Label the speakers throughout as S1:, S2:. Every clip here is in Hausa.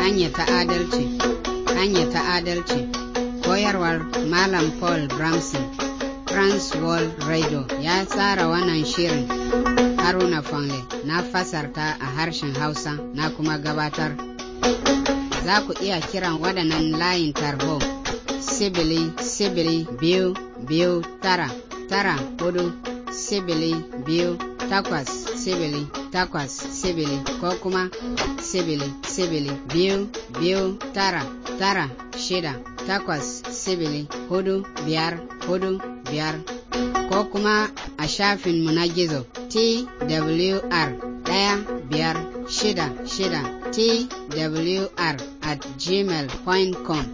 S1: Hanya ta adalci Hanya ta adalci Koyarwar Malam Paul Bramson Trans World Radio ya tsara wannan shirin Haruna fonle na fasarta a harshen Hausa na kuma gabatar. Za ku iya kiran waɗannan layin tarho sibili sibili biyu biyu tara tara hudu sibili biyu takwas sibili takwas sibili ko kuma sibili sibili biyu biyu tara tara shida takwas sibili hudu biyar hudu biyar ko kuma a shafin mu na gizo twr ɗaya biyar shida shida twr at gmail.com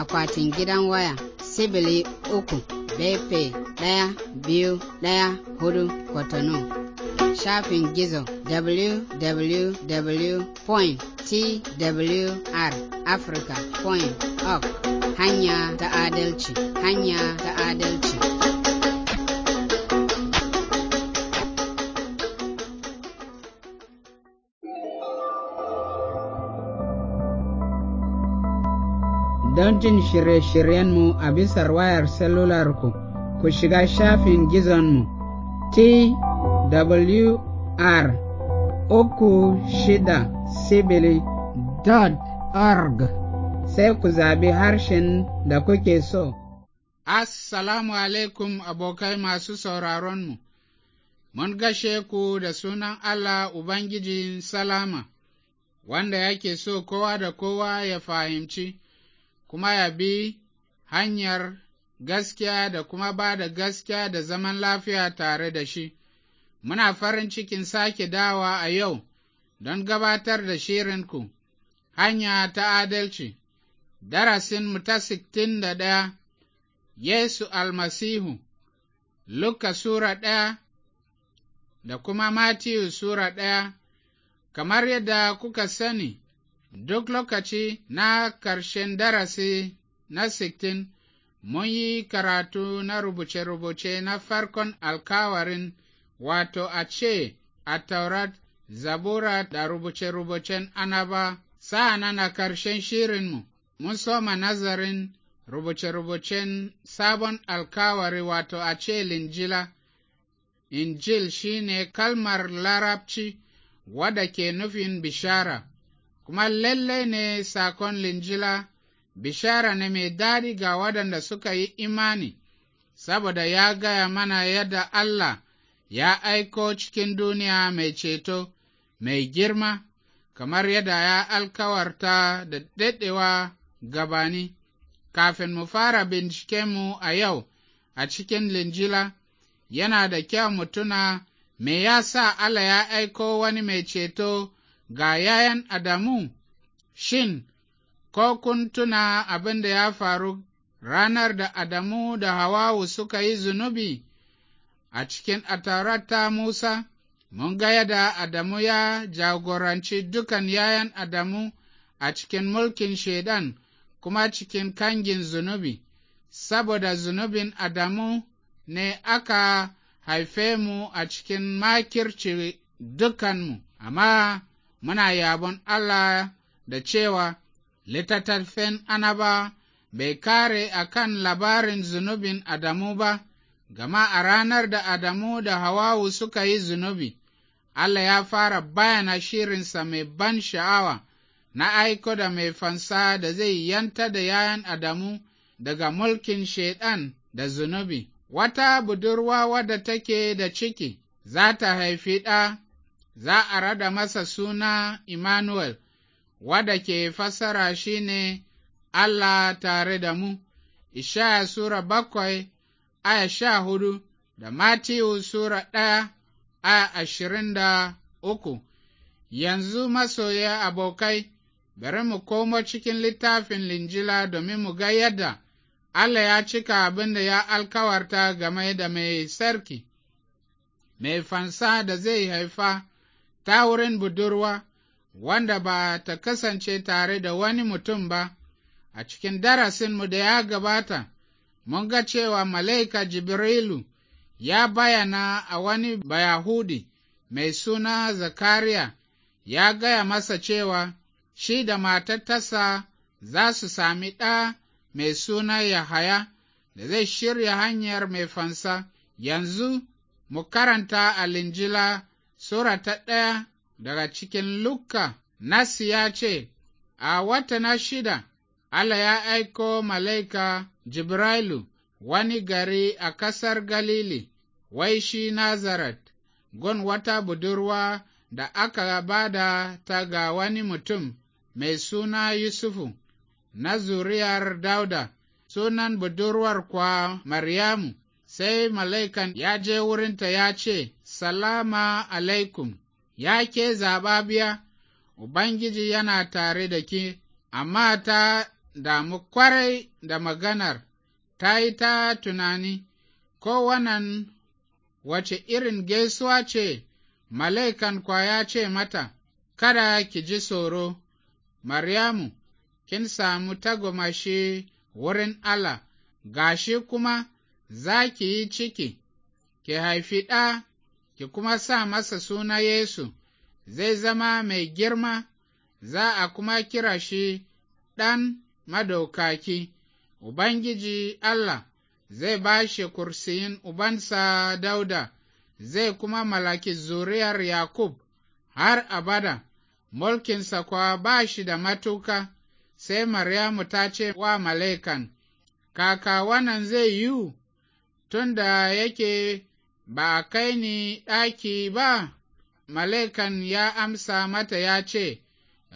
S1: akwatin gidan waya sibili uku bepe ɗaya biyu ɗaya hudu kwatano shafin gizo www.twrafrica.org hanya ta adalci hanya ta adalci Don jin shirye-shiryenmu a bisar wayar ku ku shiga shafin
S2: gizonmu t WR uku shida sibili dot org sai ku zabi harshen da kuke so. Assalamu alaikum abokai masu sauraronmu, mun gashe ku da sunan Allah Ubangiji Salama, wanda yake so kowa da kowa ya fahimci, kuma ya bi hanyar gaskiya da kuma ba da gaskiya da zaman lafiya tare da shi. muna farin cikin sake dawa a yau don gabatar da shirinku, hanya ta adalci, darasinmu ta sittin da ɗaya, Yesu almasihu, Luka Sura ɗaya da kuma Matiyu Sura ɗaya, kamar yadda kuka sani, duk lokaci na ƙarshen darasi na sittin mun yi karatu na rubuce-rubuce na farkon alkawarin wato ace, ce a taurat zabura da rubuce-rubucen anaba sa'an a ƙarshen shirinmu mun soma nazarin rubuce-rubucen sabon alkawari wato ace, ce linjila injil ne kalmar larabci wadda ke nufin bishara kuma lalle ne sakon linjila bishara ne mai daɗi ga waɗanda suka yi imani saboda ya gaya mana yadda Allah ya aiko cikin duniya mai ceto mai girma, kamar yadda ya alkawarta da daɗewa gabani, kafin mu fara mu a yau a cikin linjila, yana da kyau mu tuna me ya sa Allah ya aiko wani mai ceto ga yayan Adamu, shin, ko kun tuna abin da ya faru ranar da Adamu da Hawawu suka yi zunubi? A cikin atarata Musa, mun ga yadda Adamu ya jagoranci dukan yayan Adamu a cikin mulkin shaidan kuma cikin kangin zunubi, saboda zunubin Adamu ne aka haife mu a cikin makirci dukanmu, amma muna yabon Allah da cewa littattafan anaba bai kare a kan labarin zunubin Adamu ba, gama a ranar da Adamu da Hawawu suka yi zunubi, Allah ya fara bayana shirinsa mai ban sha'awa na aiko da mai fansa da zai yanta da yayan Adamu daga mulkin Shaiɗan da zunubi. Wata budurwa wadda take da ciki za ta haifi ɗa, za a rada masa suna Immanuel, wadda ke fassara shi ne Allah tare da mu, Ishaya Sura bakwai aya sha hudu da Matiyu Sura ɗaya aya ashirin da uku. Yanzu masoya abokai, bari mu komo cikin littafin linjila domin mu ga yadda Allah ya cika abin da ya alkawarta game da mai sarki, mai fansa da zai haifa ta wurin budurwa, wanda ba ta kasance tare da wani mutum ba, a cikin darasinmu da ya gabata. mun ga cewa mala'ika Jibrilu ya bayana a wani Bayahudi mai suna Zakariya ya gaya masa cewa shi da matattasa za su sami ɗa mai suna Yahaya da zai shirya hanyar mai fansa, yanzu mu karanta a linjila Sura ta ɗaya daga cikin Lukka, Nasi ya ce, A wata na shida, Allah ya aiko mala'ika Jibrailu wani gari a ƙasar Galili, wai shi Nazaret, gon wata budurwa da aka bada ta ga wani mutum mai suna Yusufu, na zuriyar Dauda, sunan budurwar kwa Maryamu, sai mala'ikan ya je wurinta ya ce, Salama alaikum, ya ke biya? Ubangiji yana tare da ki, amma ta damu kwarai da maganar, ta yi ta tunani, ko wannan wace irin gaisuwa ce, mala'ikan kwa ya ce mata, Kada ki ji tsoro, Maryamu, kin samu tagomashi wurin Allah, gashi kuma za ki yi ciki, ki haifi ɗa, ki kuma sa masa suna Yesu, zai zama mai girma, za a kuma kira shi ɗan madaukaki, Ubangiji Allah zai ba shi kursiyin Ubansa Dauda, zai kuma malaki zuriyar Yakub har abada, mulkinsa kuwa ba shi da matuka, sai Maryamu ta ce wa mala'ikan, Kaka wannan zai yiwu, tun da yake ba kai ni ɗaki ba, mala'ikan ya amsa mata ya ce,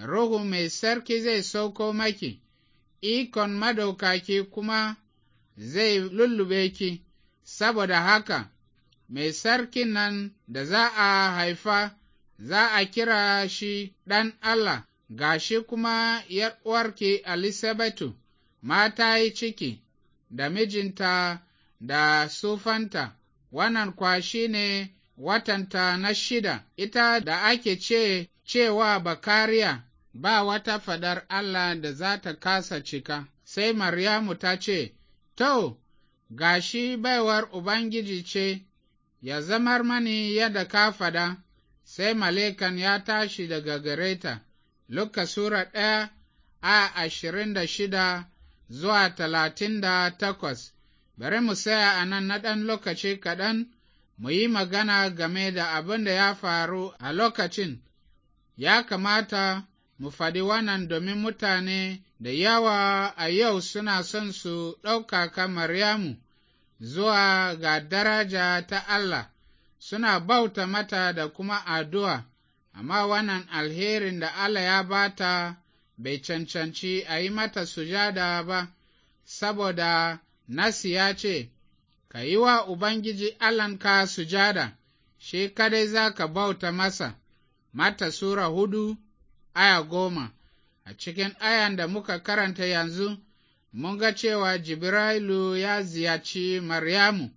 S2: Ruhu mai sarki zai sauko maki. ikon madaukaki kuma zai lullube ki, saboda haka, mai sarkin nan da za a haifa za a kira shi ɗan Allah, Ga shi kuma yar'uwarki Elisabetu, mata yi ciki, da mijinta da sufanta, wannan kwa shi ne watanta na shida, ita da ake ce cewa Bakariya ba wata fadar Allah da za ta kasa cika, sai Maryamu ta ce, To, gashi baiwar Ubangiji ce, ya zamar mani yadda ka fada, sai malekan ya tashi daga gareta, Luka Sura ɗaya a ashirin da shida zuwa talatin da takwas, bari mu saya a nan na ɗan lokaci kaɗan, mu yi magana game da abin da ya faru a lokacin, ya kamata mu faɗi wannan domin mutane da yawa a yau suna son su ɗaukaka Maryamu zuwa ga daraja ta Allah, suna bauta mata da kuma addu'a, amma wannan alherin da Allah ya bata bai cancanci a yi mata sujada ba, saboda Nasi ya ce, Ka yi wa Ubangiji ka sujada, shi kadai za ka bauta masa, mata Sura hudu aya goma a cikin ayan da muka karanta yanzu mun ga cewa jibrailu ya ziyarci maryamu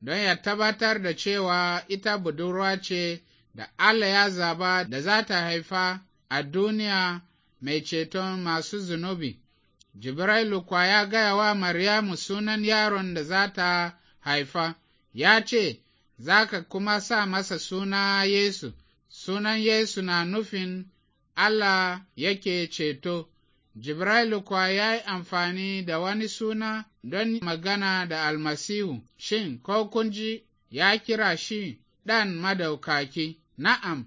S2: don ya tabbatar da cewa ita budurwa ce da allah ya zaba da za ta haifa a duniya mai ceton masu zunubi jibrilu kwa ya gaya wa maryamu sunan yaron da za ta haifa ya ce za ka kuma sa masa suna yesu sunan yesu na nufin Allah yake ceto, Jibrailu kuwa ya yi amfani da wani suna don magana da almasihu, shin ko kunji ya kira shi ɗan madaukaki, na'am,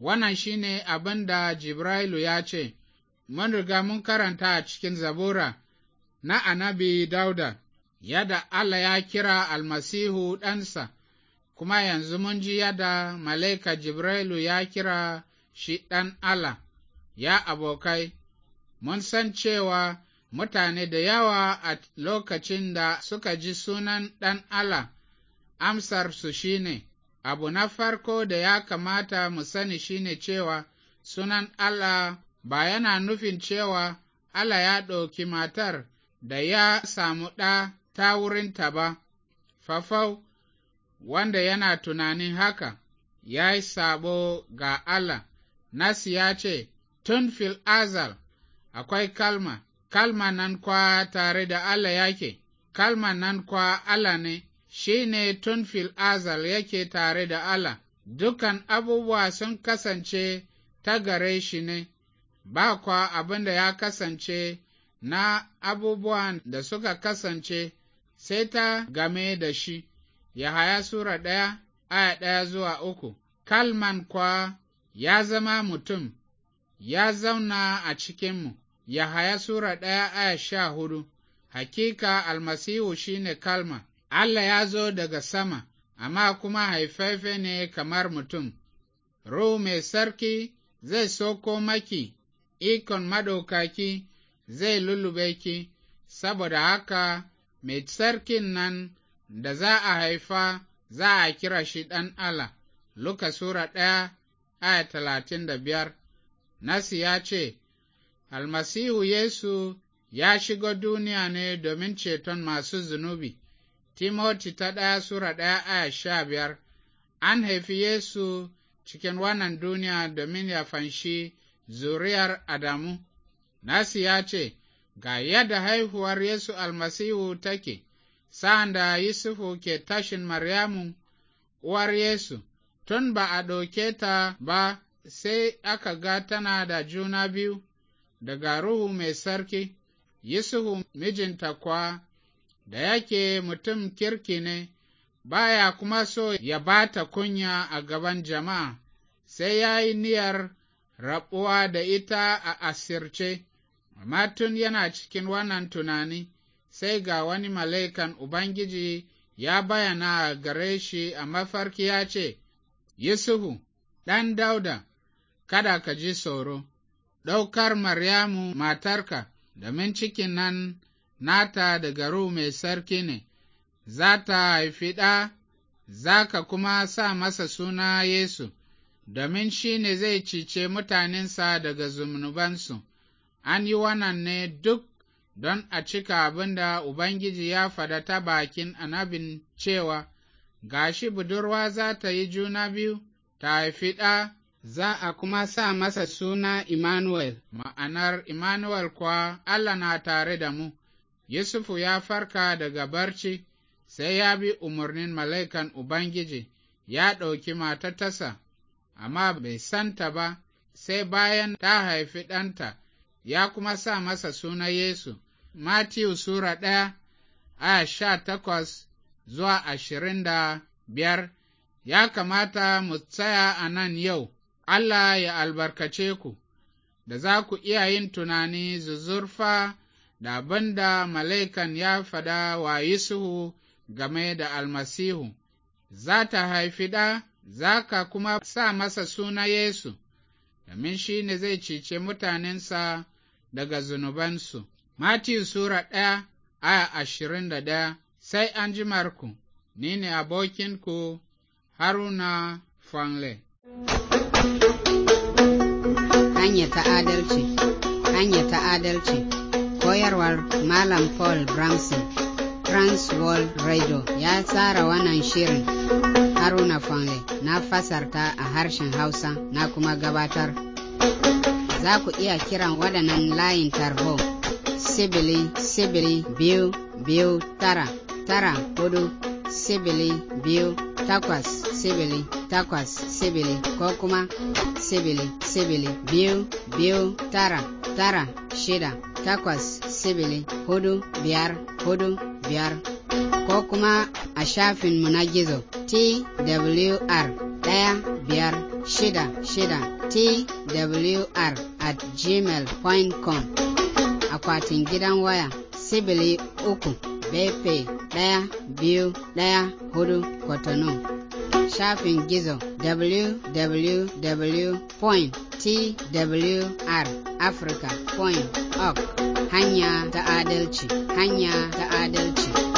S2: wannan shi ne abin da Jibrailu ya ce, mun riga mun karanta a cikin zabura na anabi Dauda, yadda Allah ya kira almasihu ɗansa, kuma yanzu mun ji yadda Malaika Jibrailu ya kira shi ɗan Allah. Ya abokai, mun san cewa mutane da yawa a lokacin da suka ji sunan Ɗan Allah, amsarsu shi ne, abu na farko da ya kamata mu sani shi ne cewa sunan Allah ba yana nufin cewa Allah ya ɗauki matar da ya samu ɗa ta wurinta ba, fafau, wanda yana tunanin haka, ya yi sabo ga Allah, Nasi ya ce, Tunfil azal akwai kalma kalma nan kwa tare da Allah yake kalma nan kwa Allah ne shi ne tunfil azal yake tare da Allah dukan abubuwa sun kasance ta gare shi ne ba kwa abin da ya kasance na abubuwan da suka kasance sai ta game da shi Yahaya Sura ɗaya aya ɗaya zuwa uku, Kalman kwa ya zama mutum ya zauna a cikinmu, Yahaya Sura ɗaya aya sha hudu, hakika almasihu shi ne kalma, Allah ya zo daga sama, amma kuma haifaife ne kamar mutum, Ruhu mai sarki zai soko maki, ikon maɗaukaki zai lullube ki, saboda haka mai sarkin nan da za a haifa za a kira shi ɗan Allah, Luka Sura ɗaya aya talatin da biyar. Nasi ya ce, Almasihu Yesu ya shigo duniya ne domin ceton masu zunubi, Timoti ta ɗaya Sura ɗaya aya sha biyar, an haifi Yesu cikin wannan duniya domin ya fanshi zuriyar Adamu. Nasi ya ce, Ga yadda haihuwar Yesu almasihu take, sa'an da Yusufu ke tashin Maryamu, uwar Yesu, tun ba a ɗauke ta ba sai aka ga tana da juna biyu daga Ruhu mai sarki, Yusufu mijinta kwa da yake mutum kirki ne, baya kuma so ya bata kunya a gaban jama'a, sai ya yi niyyar rabuwa da ita a asirce, amma tun yana cikin wannan tunani, sai ga wani mala'ikan Ubangiji ya bayyana gare shi a mafarki ya ce, Yusufu, ɗan Dauda, kada ka ji tsoro, ɗaukar Maryamu matarka, domin cikin nan nata daga garu mai sarki ne, za ta haifi ɗa, za ka kuma sa masa suna Yesu, domin shi ne zai cice mutanensa daga zunubansu. An yi wannan ne duk don a cika abin da Ubangiji ya fada ta bakin anabin cewa, Gashi budurwa za ta yi juna biyu, ta haifi ɗa, za a kuma sa masa suna Immanuel, ma'anar Immanuel kuwa Allah na tare da mu. Yusufu ya farka daga barci, sai ya bi umarnin mala'ikan Ubangiji, ya ɗauki tasa, amma bai santa ba, sai bayan ta haifi ɗanta, ya kuma sa masa suna Yesu. Matiyu Sura ɗaya, aya sha takwas zuwa ashirin da biyar, ya kamata mu tsaya a nan yau. Allah ya albarkace ku, da za ku iya yin tunani zuzurfa da abin mala'ikan ya faɗa wa Yusufu game da almasihu, za ta haifi ɗa, za ka kuma sa masa suna Yesu, domin shi ne zai cice mutanensa daga zunubansu. Matiyu Sura ɗaya aya ashirin da ɗaya Sai an ji Marku, ni ne abokinku Haruna Fanle.
S1: Hanya ta adalci, hanya koyarwar Malam Paul Branson, Trans World Radio ya tsara wannan shirin Haruna Fanle na fasarta a harshen Hausa na kuma gabatar. Za ku iya kiran waɗannan layin tarho, sibili, sibili, biyu, biyu, tara, tara, hudu, sibili, biyu, takwas, sibili takwas sibili ko kuma sibili sibili biyu biyu tara tara shida takwas sibili hudu biyar hudu biyar ko kuma a shafin mu na gizo twr ɗaya biyar shida shida twr at gmail.com akwatin gidan waya sibili uku bepe ɗaya biyu daya hudu kotonu shafin gizo www.twrafrica.org hanya ta adalci, hanya ta adalci.